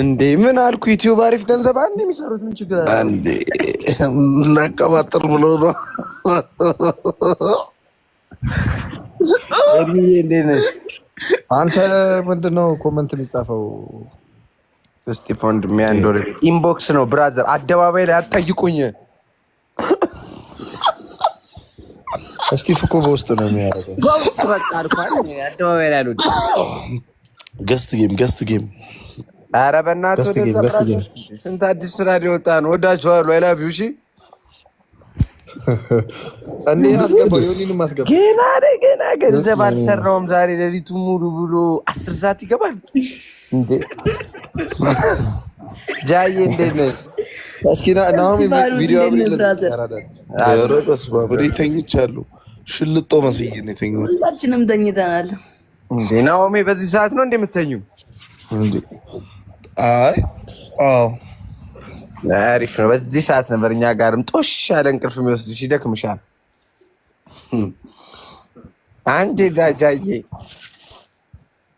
እንዴ ምን አልኩ? ዩቲዩብ አሪፍ ገንዘብ አንድ የሚሰሩት ምን ችግር አለ እንዴ? እናቀባጥር ብሎ ነው። አንተ ምንድነው ኮመንት የሚጻፈው? ስቲፎንድ ሚያንዶር ኢንቦክስ ነው ብራዘር፣ አደባባይ ላይ አትጠይቁኝ። ስቲፍ እኮ በውስጥ ነው የሚያደርገው። በውስጥ በቃ አልኳ። አደባባይ ላይ አልወድም። ገስት ጌም ገስት ጌም ኧረ በእናትህ ስንት አዲስ ስራ ሊወጣ ነው። ወዳችኋለሁ። አይ ላቭ ዩ። እሺ ገና ገና ገንዘብ አልሰራውም ዛሬ ሌሊቱ ሙሉ ብሎ አስር ሰዓት ይገባል። ጃዬ እንዴት ነሽ? ተኝቻለሁ። ሽልጦ መስዬ ነው የተኛሁት። ሁላችንም ተኝተናል። ናሆሜ በዚህ ሰዓት ነው እንደምተኙ አይ አዎ አሪፍ ነው። በዚህ ሰዓት ነበር እኛ ጋርም ጦሽ ያለ እንቅልፍ የሚወስድሽ ይደክምሻል። አንድ ዳጃዬ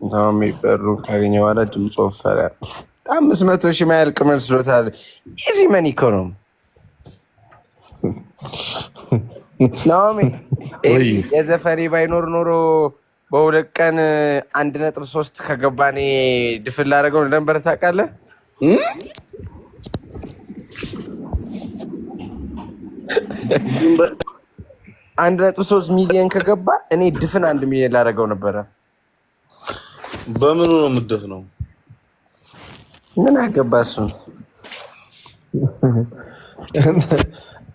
እንደውም የሚበሩን ካገኘ በኋላ ድምፅ ወፈረ። አምስት መቶ ሺህ ማያልቅ መስሎታል። ኢዚ መኒ እኮ ነው ናሚ የዘፈኔ ባይኖር ኖሮ በሁለት ቀን አንድ ነጥብ ሶስት ከገባ እኔ ድፍን ላደረገው እንደነበረ ታውቃለህ። አንድ ነጥብ ሶስት ሚሊዮን ከገባ እኔ ድፍን አንድ ሚሊዮን ላደረገው ነበረ። በምኑ ነው ነው? ምን አገባ እሱን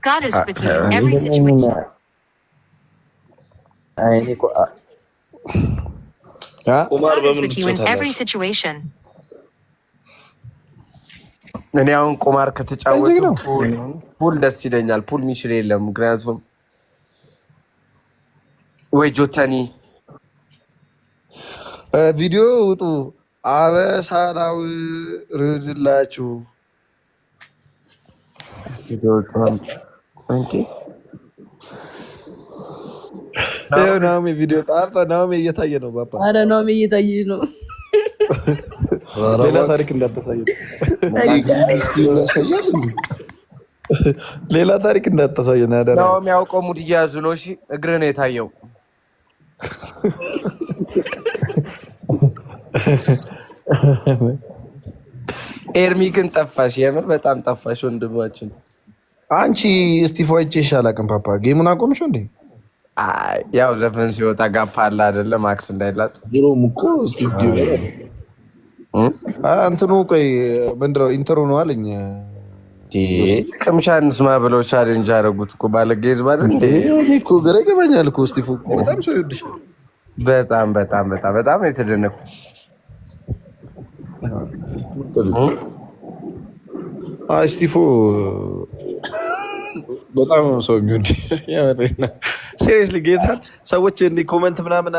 God ቁማር እኔ አሁን ቁማር ከተጫወቱ ፑል ደስ ይለኛል። ፑል ሚችል የለም ምክንያቱም ወይ ጆተኒ ቪዲዮ ውጡ አበሳላዊ ርድላችሁ ነው ናሚ ቪዲዮ ጣርታ ናሚ እየታየ ነው። ባባ አረ ናሚ እየታየ ነው። ሌላ ታሪክ እንዳታሳየ፣ ሌላ ታሪክ እንዳታሳየ። ነው ናሚ ያውቀው ሙድ እያያዙ ነው። እሺ እግር ነው የታየው። ኤርሚ ግን ጠፋሽ፣ የምር በጣም ጠፋሽ ወንድማችን። አንቺ እስቲፎ አይቼሽ አላውቅም። ፓፓ ጌሙን አቆምሽ እንዴ? ያው ዘፈን ሲወጣ ጋፓ አለ አደለ? ማክስ እንዳይላጥ ድሮም እኮ ስቱዲዮ እንትኑ ቆይ ምንድን ኢንተሮ ነው አለኝ። ቅምሻ እንስማ ብለው ቻሌንጅ አደረጉት እኮ ባለጌዝ ባለ እንዴ እኮ ግራ ይገባኛል እኮ ስቲፉ በጣም ሰው ይወድሻል። በጣም በጣም በጣም በጣም የተደነኩት ስቲፎ በጣም ሰው የሚወድ ሲሪየስሊ ጌታ ሰዎች እንዲህ ኮመንት ምናምን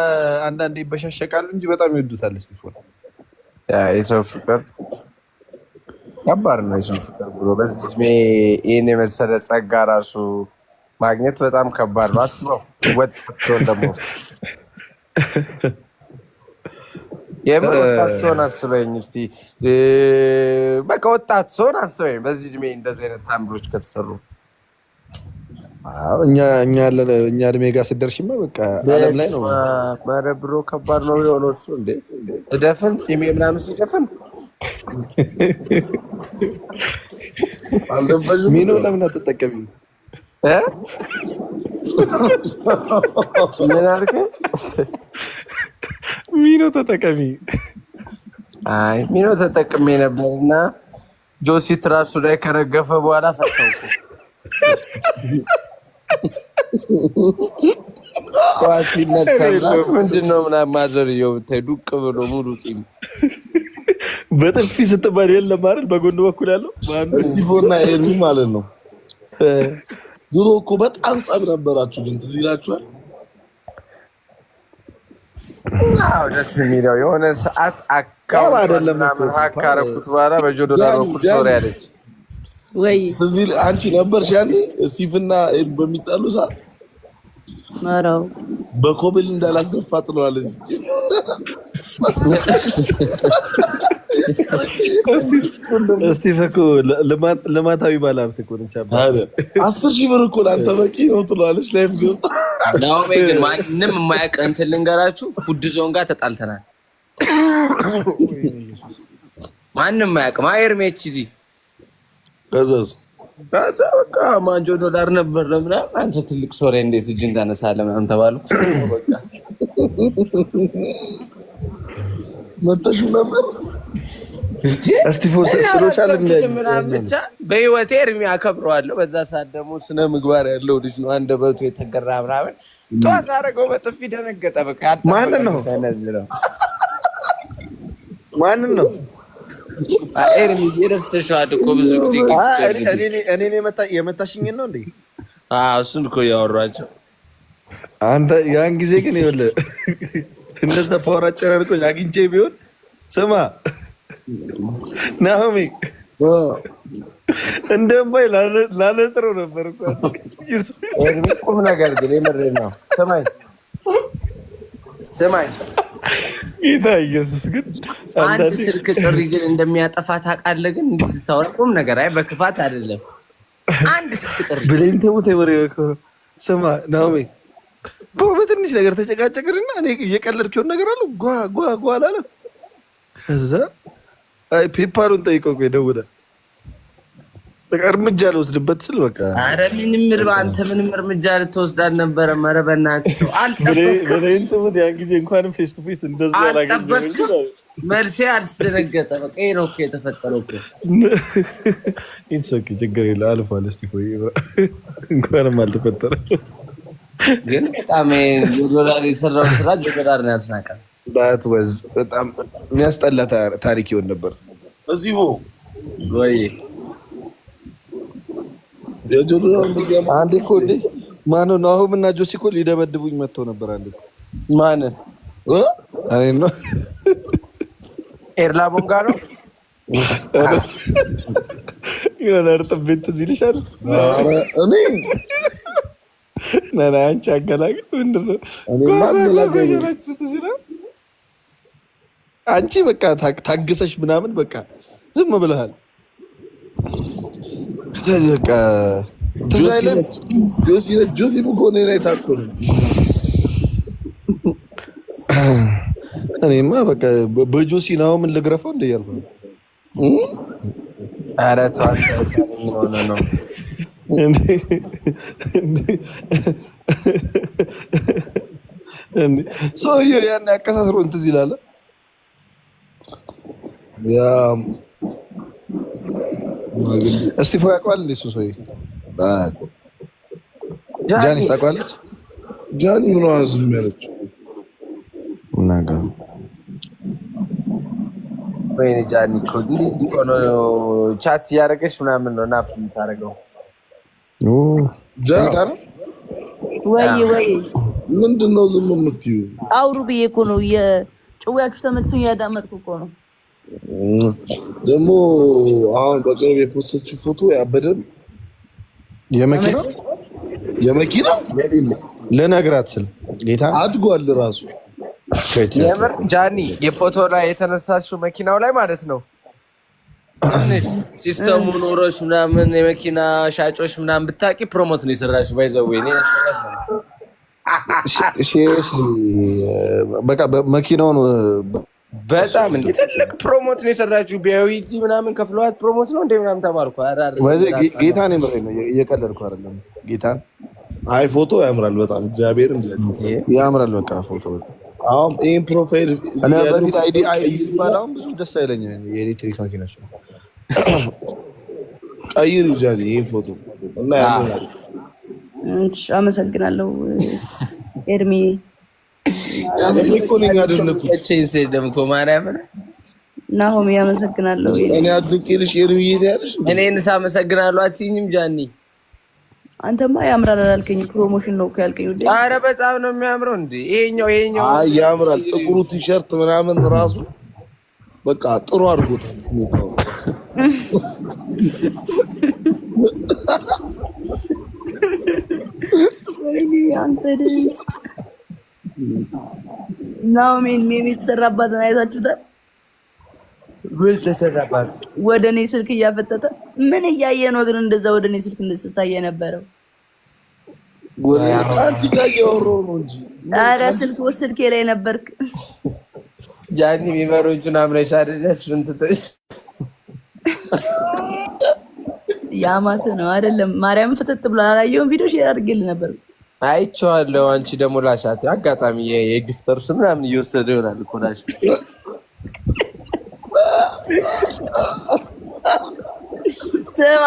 አንዳንዴ ይበሻሸቃሉ እንጂ በጣም ይወዱታል። እስጢፎን የሰው ፍቅር ከባድ ነው። የሰው ፍቅር ብሎ በዚህ እድሜ ይህን የመሰለ ጸጋ ራሱ ማግኘት በጣም ከባድ ነው። አስበው ወጣት ሲሆን ደግሞ የምር ወጣት ሲሆን አስበኝ እስኪ በቃ ወጣት ሲሆን አስበኝ በዚህ እድሜ እንደዚህ አይነት ታምሮች ከተሰሩ እኛ እኛ እድሜ ጋር ስትደርሺማ በቃ ዓለም ላይ ነው። ኧረ ብሮ ከባድ ነው የሆነ እሱ እንዴ ስደፍን ፂሜ ምናምን ስደፍን ሚኖ ለምን አትጠቀሚም? ምን አድርገህ ሚኖ ተጠቀሚ። አይ ሚኖ ተጠቅሜ ነበር እና ጆሲ ትራሱ ላይ ከረገፈ በኋላ ፈታው ጠዋት ሲነሳና ምንድነው ምናምን ማዘርየው ብታይ ዱቅ ብሎ ሙሉ ፂም በጥፊ ስትባል የለም አይደል? በጎን በኩል ያለው ስቲፎና ኤርሚ ማለት ነው። ድሮ እኮ በጣም ጸብ ነበራችሁ፣ ግን ትዝ ይላችኋል። ደስ የሚለው የሆነ ሰዓት አካውንት ምናምን ሀክ በኋላ በጆዶ ዳሮኩት ሶሪ ያለች ወይ እዚህ አንቺ ነበርሽ ያኔ ስቲቭና ኤድ በሚጣሉ ሰዓት ማራው በኮብል እንዳላስደፋ ጥለዋለች። ስቲቭ እኮ ልማታዊ ባለሀብት እኮ ነች። አስር ሺህ ብር እኮ ለአንተ በቂ ነው ትለዋለች። ላይፍ ግን ናሆሜ ግን ማንም የማያውቅ እንትን ልንገራችሁ፣ ፉድ ዞን ጋር ተጣልተናል። ማንም የማያውቅ ማየር ሜችዲ እዘዝ። ከዛ በቃ ማንጆ ዶላር ነበር ምናምን አንተ ትልቅ ሶሪ እንዴት እጅ እንዳነሳለህ ምናምን ተባሉ። መጠሹ ነበር በህይወቴ እድሜ አከብረዋለሁ። በዛ ሰዓት ደግሞ ስነ ምግባር ያለው ልጅ ነው። አንድ በቱ የተገራ ምናምን ጠዋት አደረገው በጥፊ ደነገጠ። በቃ ማንን ነው ማንን ነው የደስተሸዋል እኮ ብዙ ጊዜ እኔን ነው እንዴ? እሱን እኮ እያወሯቸው አንተ ያን ጊዜ ግን ይኸውልህ እንደዛ ፓወር አጨራርቆኝ አግኝቼ ቢሆን ስማ ናሆሚ እንደምባይ ላለጥሮ ነበር ቁም ነገር ግን የምሬን ነው ስማኝ ስማኝ ጌታ ኢየሱስ ግን አንድ ስልክ ጥሪ ግን እንደሚያጠፋ ታውቃለህ። ግን እንዲህ ስታወራ ቁም ነገር አይ በክፋት አይደለም። አንድ ስልክ ጥሪ ብሌን ተሞት የወሬ ስማ ናሜ በትንሽ ነገር ተጨቃጨቅንና እኔ እየቀለድክ ነገር አለው ጓ ጓ ጓ አላለም። ከዛ አይ ፔፓሩን ጠይቀው ደውለህ እርምጃ ልወስድበት ስል በቃ አረ ምንም ርባ አንተ ምንም እርምጃ ልትወስድ አልነበረም። ኧረ በእናትህ ተው፣ ያን ጊዜ እንኳን ፌስ ቱ ፌስ እንደዛ አልጠበኩም። መልሴ አልስደነገጠ በቃ ይሄ ነው እኮ የተፈጠረው እኮ ኦኬ፣ ችግር የለ አልፏል። እስኪ ቆይ እንኳንም አልተፈጠረ። ግን በጣም ዶላር የሰራው ስራ ዶላር ነው ያልሳቃል። ት ወዝ በጣም የሚያስጠላ ታሪክ ይሆን ነበር እዚሁ ወይ አንዴ እኮ እንዴ ማነው ናሆም እና ጆሲ እኮ ሊደበድቡኝ መጥተው ነበር። አንዴ ማንን? እኔ ነው ኤርላቦም ጋር ነው ይሆነ እርጥብ ቤት ትዝ ይልሻል። እኔ ነና አንቺ አገላግል ምንድን አንቺ በቃ ታግሰሽ ምናምን በቃ ዝም ብለሃል። ተዘቀ ተዛይለት እኔማ በቃ በጆሲ ነው ምን ልግረፈው እንደ ያልኩ ኧረ ተው ሆነ ነው ሰውዬው ያን ያቀሳስሮ እንትን ይላል ያ እስጢፎ ያውቀዋል እንዴ? እሱ ሰውዬ ታውቀዋለች? ጃኒ ምን ዝም ያለችው ነገር ወይ ጃኒ ቻት እያደረገች ምናምን ነው ናፕ የምታደርገው። ወይ ወይ ምንድን ነው ዝም የምትይው? አውሩ ብዬ እኮ ነው። ጭዋችሁ ተመልሶ እያዳመጥኩ እኮ ነው። ደግሞ አሁን በቅርብ የፖስተችው ፎቶ ያበደን የመኪና የመኪና ልነግራት ስል ጌታ አድጓል ራሱ የምር ጃኒ የፎቶ ላይ የተነሳችው መኪናው ላይ ማለት ነው። ሲስተሙ ኖሮች ምናምን የመኪና ሻጮች ምናምን ብታቂ ፕሮሞት ነው የሰራች። ባይዘዌ በቃ መኪናውን በጣም እንደ ትልቅ ፕሮሞት ነው የሰራችሁ። ቢያዊቲ ምናምን ከፍለዋት ፕሮሞት ነው እንደ ምናምን ተባልኩ። ጌታን የምሬ ነው እየቀለድኩ አይደለም። ጌታ አይ ፎቶ ያምራል በጣም እግዚአብሔር ያምራል። በቃ ፎቶ አሁን ይህን ፕሮፋይል በፊት አይዲ ይባል አሁን ብዙ ደስ አይለኝ የኤሌክትሪክ መኪናች ነው ቀይር ይጃል ይህን ፎቶ እና ያምራል። አመሰግናለሁ ኤርሜ ናሆም አመሰግናለሁ። እኔ አድንቄልሽ ኤርሚዬ ያለሽ እኔን ሳመሰግናለሁ አትይኝም ጃኒ። አንተማ ያምራል አላልከኝ? ፕሮሞሽን ነው ያልከኝ። አረ በጣም ነው የሚያምረው። እንደ ይሄኛው ይሄኛው ያምራል። ጥቁሩ ቲሸርት ምናምን ራሱ በቃ ጥሩ አድርጎታል። አንተ ናኦሚን ሜም የተሰራባትን አይታችሁታል? ምን ተሰራባት? ወደ እኔ ስልክ እያፈጠጠ ምን እያየ ነው ግን እንደዛ ወደ እኔ ስልክ ስታየ ነበረው። ኧረ ስልክ ስልኬ ላይ ነበርክ። ጃኒ ሚመሮቹን አምረሻ ትተሽ ያማት ነው አይደለም። ማርያም ፍጥጥ ብሎ አላየሁም። ቪዲዮ ሼር አድርጌልህ ነበር አይቼዋለሁ። አንቺ ደግሞ ላሻት አጋጣሚ የግፍተር ስ ምናምን እየወሰደ ይሆናል እኮ ላሽ ስማ፣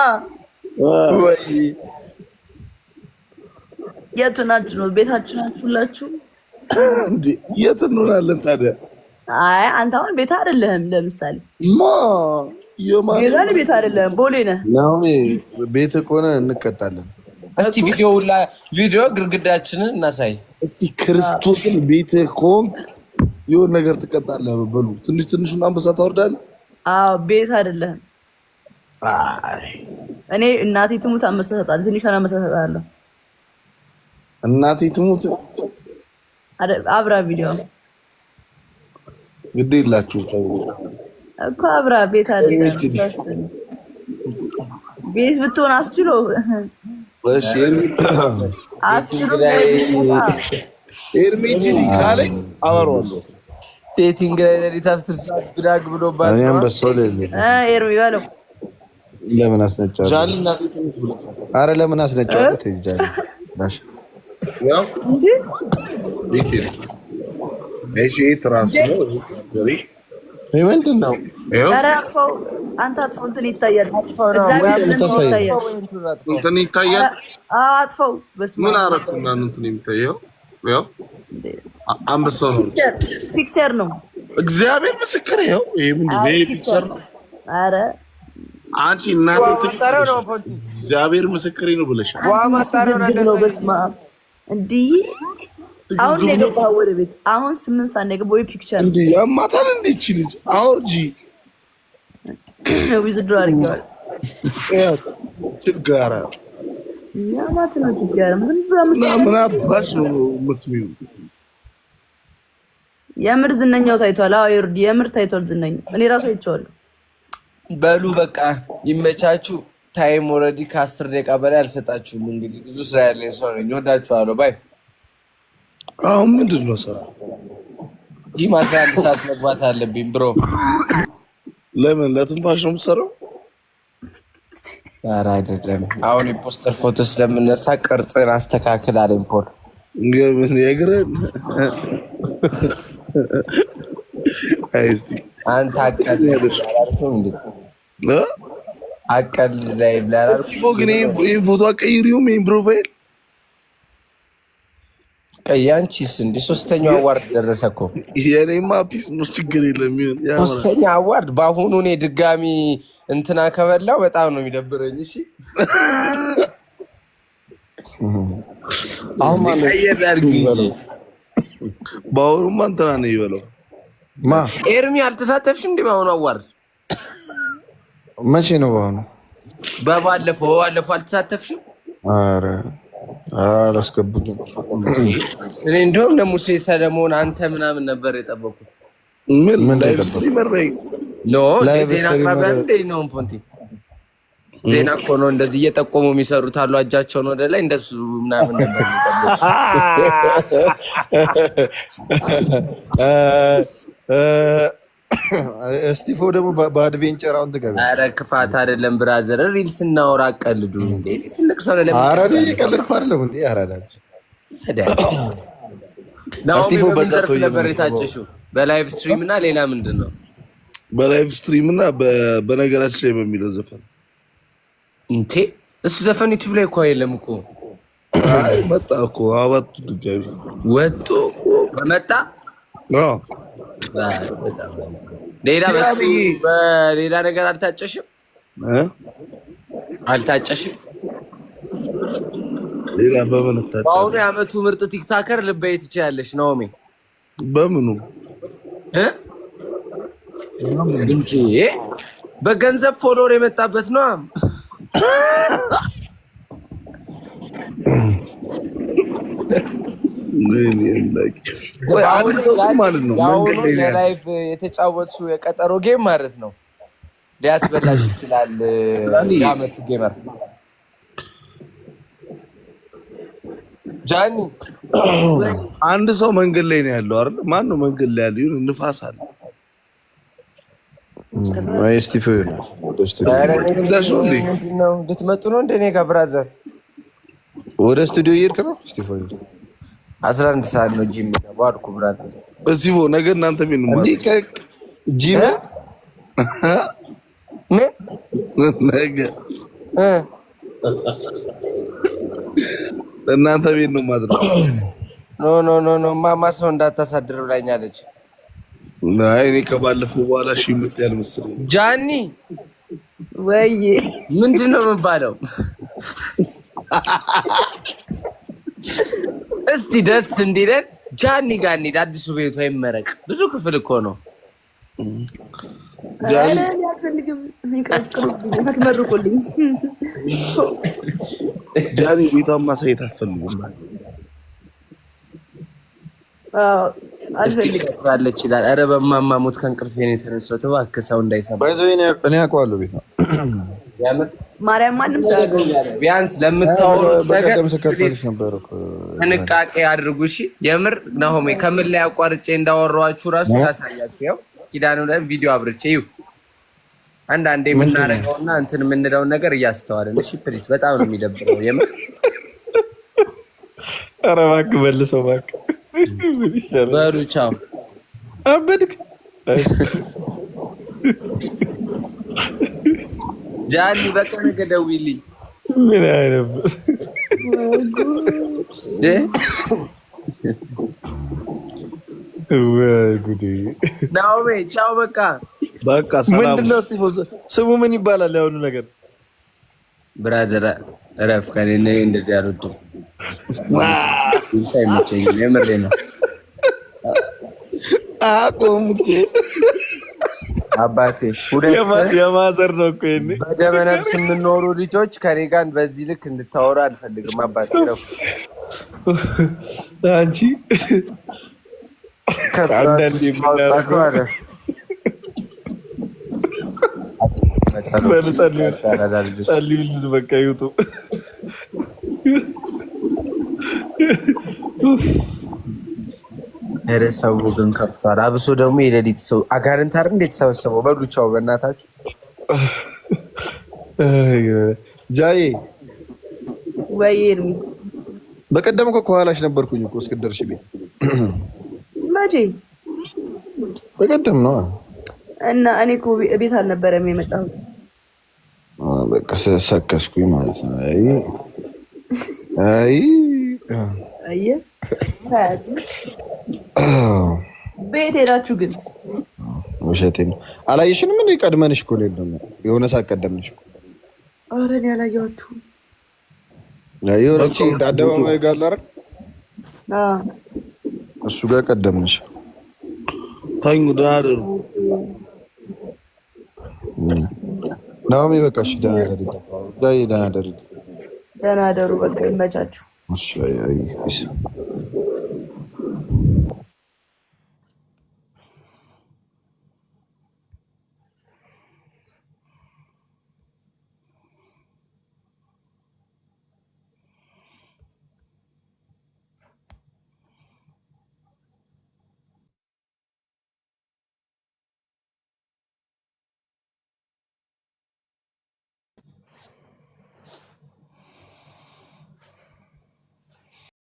ወይ የቱ ናችሁ ነው? ቤታችሁ ናችሁ ሁላችሁ? የት እንሆናለን ታዲያ? አይ አንተ አሁን ቤት አይደለህም። ለምሳሌ ማ ቤት አይደለህም፣ ቦሌ ነህ። ቤት ከሆነ እንቀጣለን። እስቲ ቪዲዮ ቪዲዮ ግርግዳችንን እናሳይ እስቲ። ክርስቶስን ቤት ከሆንክ የሆን ነገር ትቀጣለህ። በሉ ትንሽ ትንሹን አንበሳ ታወርዳለህ። አዎ ቤት አይደለህም። እኔ እናቴ ትሙት አንበሳ እሰጣለሁ። ትንሿን አንበሳ እሰጣለሁ። እናቴ ትሙት አብራ ቪዲዮ ግድ የላችሁ ተው እኮ አብራ ቤት አለ ቤት ብትሆን አስችሎ ኤርሚጅን ዴቲንግ ላይ ሌሊት አስር ሰዓት ብዳግ ብሎባት ኤርሚ ለምን አስነጫው? ለምን ምንድን ነው አንተ አጥፎ እንትን ይታያል፣ እንትን ይታያል። አጥፈው ምን አረኩና እንትን የሚታየው አንበሳ ነው፣ ፒክቸር ነው። እግዚአብሔር ምስክር ይኸው፣ ይሄ ምንድን ነው? ፒክቸር ነው። አንቺ እናቴ እግዚአብሔር ምስክሬ ነው ብለሻል። እንዲህ አሁን ወደ ቤት? አሁን ስምንት ሰዓት ፒክቸር ያማታል። ልጅ አውርጂ ዊዝድሮ ችጋራ ያማት ነው ችጋራ። ዝም ብሎ አባሽ ነው የምር ዝነኛው ታይቷል። አዎ ይርድ የምር ታይቷል ዝነኛው። እኔ ራሱ አይቼዋለሁ። በሉ በቃ ይመቻችሁ። ታይም ኦልሬዲ ከአስር ደቂቃ በላይ አልሰጣችሁም። እንግዲህ ብዙ ስራ ያለኝ ሰው ነኝ። ወዳችኋለሁ ባይ አሁን ምንድን ነው ስራ? ይህ ማታ አንድ ሰዓት መግባት አለብኝ ብሮ። ለምን ለትንፋሽ ነው የምትሰራው? ኧረ አይደለም። አሁን የፖስተር ፎቶ ስለምነሳ ቅርጽን አስተካክል አለኝ ፖል። አይስቲ አንተ አቀል አቀል ላይ ብላ ግን ይህን ፎቶ አቀይሪውም ይህን ፕሮፋይል ያንቺስ እንደ ሶስተኛው አዋርድ ደረሰ እኮ የኔማ ፒስ ነው። ችግር የለም ሶስተኛ አዋርድ በአሁኑ እኔ ድጋሚ እንትና ከበላው በጣም ነው የሚደብረኝ። እሺ አሁን ማለት በአሁኑማ እንትና ነው ይበለው። ኤርሚ አልተሳተፍሽም እንዲ በአሁኑ አዋርድ? መቼ ነው በአሁኑ? በባለፈው በባለፈው አልተሳተፍሽም? አላስገቡትም። እኔ እንዲሁም ለሙሴ ሰለሞን አንተ ምናምን ነበር የጠበቁት። ምን ዜና አቅራቢያ እንደ ነው ፎንቲ ዜና እኮ ነው እንደዚህ እየጠቆሙ የሚሰሩት አሉ። እጃቸውን ወደ ላይ እንደሱ ምናምን ነበር የሚጠበቁት። እስቲፎ ደግሞ በአድቬንቸር አሁን ትገቢ። አረ ክፋት አይደለም ብራዘር፣ ሪል ስናወራ ቀልዱ። ትልቅ ሰው ለለ ቀልድኩ አይደለም እንዴ? አራዳች ናስቲፎ በዘርፍ ነበር የታጨሽው በላይቭ ስትሪም እና ሌላ ምንድን ነው በላይቭ ስትሪም እና በነገራችን ላይ በሚለው ዘፈን እንቴ እሱ ዘፈን ዩቱብ ላይ እኮ የለም እኮ መጣ እኮ አባቱ ድጋሚ ወጡ በመጣ ሌላ በሌላ ነገር አልታጨሽም አልታጨሽም። ሌላ በምን በአሁኑ የአመቱ ምርጥ ቲክታከር ልበይ ትችያለሽ። ናኦሚ በምኑ እንጂ በገንዘብ ፎሎወር የመጣበት ነው። የላይፍ የተጫወትሽው የቀጠሮ ጌም ማለት ነው ሊያስበላሽ ይችላል። የአመቱ ጌመር ጃኒ አንድ ሰው መንገድ ላይ ነው ያለው አይደል? ማን ነው መንገድ ላይ ያለው? ይሁን ንፋስ አለ ልትመጡ ነው እንደኔ ጋር ብራዘር፣ ወደ ስቱዲዮ እየሄድክ ነው ስቲፎ አስራ አንድ ሰዓት ነው ጂም ገቡ አልኩ። ብራት እዚህ ቦ ነገ እናንተ ምን ማለት ጂም ነገ እናንተ ቤት ነው ማድረግ። ኖ ኖ ኖ ኖ ማማ ሰው እንዳታሳድር ብላኛለች። አይ እኔ ከባለፈው በኋላ እሺ የምትያል መሰለኝ። ጃኒ ወይ ምንድን ነው የምባለው? እስቲ ደስ እንዲለን ጃኒ ጋር እንሂድ። አዲሱ ቤቷ ይመረቅ። ብዙ ክፍል እኮ ነው። አትመርቁልኝ። ጃኒ ቤቷን ማሳየት አትፈልጉም። እስቲ ትቀጥላለች ይላል። ኧረ በማማ ሞት ከእንቅልፌ ነው የተነሳሁት። እባክህ ሰው እንዳይሰማ። እኔ አውቀዋለሁ ቤቷ ማርያም ማንም ሰው ቢያንስ ለምታወሩት ነገር ጥንቃቄ አድርጉ። እሺ የምር ናሆሜ ከምን ላይ አቋርጬ እንዳወራኋችሁ ራሱ ያሳያችሁ። ያው ኪዳኑ ላይ ቪዲዮ አብርቼ ይሁ አንዳንዴ የምናደርገውና እንትን የምንለውን ነገር እያስተዋልን እሺ፣ ፕሊስ በጣም ነው የሚደብረው የምር። ኧረ እባክህ መልሰው እባክህ። በሉ ቻው። አበድክ ጃኒ በቃ ነገ ደውይልኝ። ምን አይነበር ናኦሜ ቻው። በቃ በቃ ምንድነው ስሙ ምን ይባላል? ያሁኑ ነገር ብራዘር እረፍ። ከኔ እንደዚህ አልወጡም። ሳይመቸኝ የምሬ ነው። አቆም አባቴ የማዘር ነው እኮ በደመ ነፍስ የምንኖሩ ልጆች ከኔ ጋር በዚህ ልክ እንድታወራ አልፈልግም። አባቴ ነው አንቺ ጸልዩልን በቃ ዩቱብ ኧረ ሰው ግን ከፍቷል። አብሶ ደግሞ የሌሊት ሰው አጋንንት አይደል እንዴት ተሰበሰበው? በሉቻው በእናታችሁ ጃዬ ወይ በቀደም እኮ ከኋላሽ ነበርኩኝ እኮ እስክትደርሺ ቤት መቼ በቀደም ነው እና እኔ እኮ ቤት አልነበረም የመጣሁት። በቃ ሰከስኩኝ ማለት ነው። አይ አይ ቤት ሄዳችሁ ግን ውሸቴ ነው። አላየሽንም ቀድመንሽ እኮ ሌለ የሆነ ሰዓት ቀደምንሽ እኮ። እኔ አላየኋችሁም። የሆነች አደባባይ ጋር እሱ ጋር ቀደምንሽ። ተኙ ደህና ደሩ ናሚ በቃሽ። ደህና ደሩ። ደህና ደሩ። በቃ ይመቻችሁ።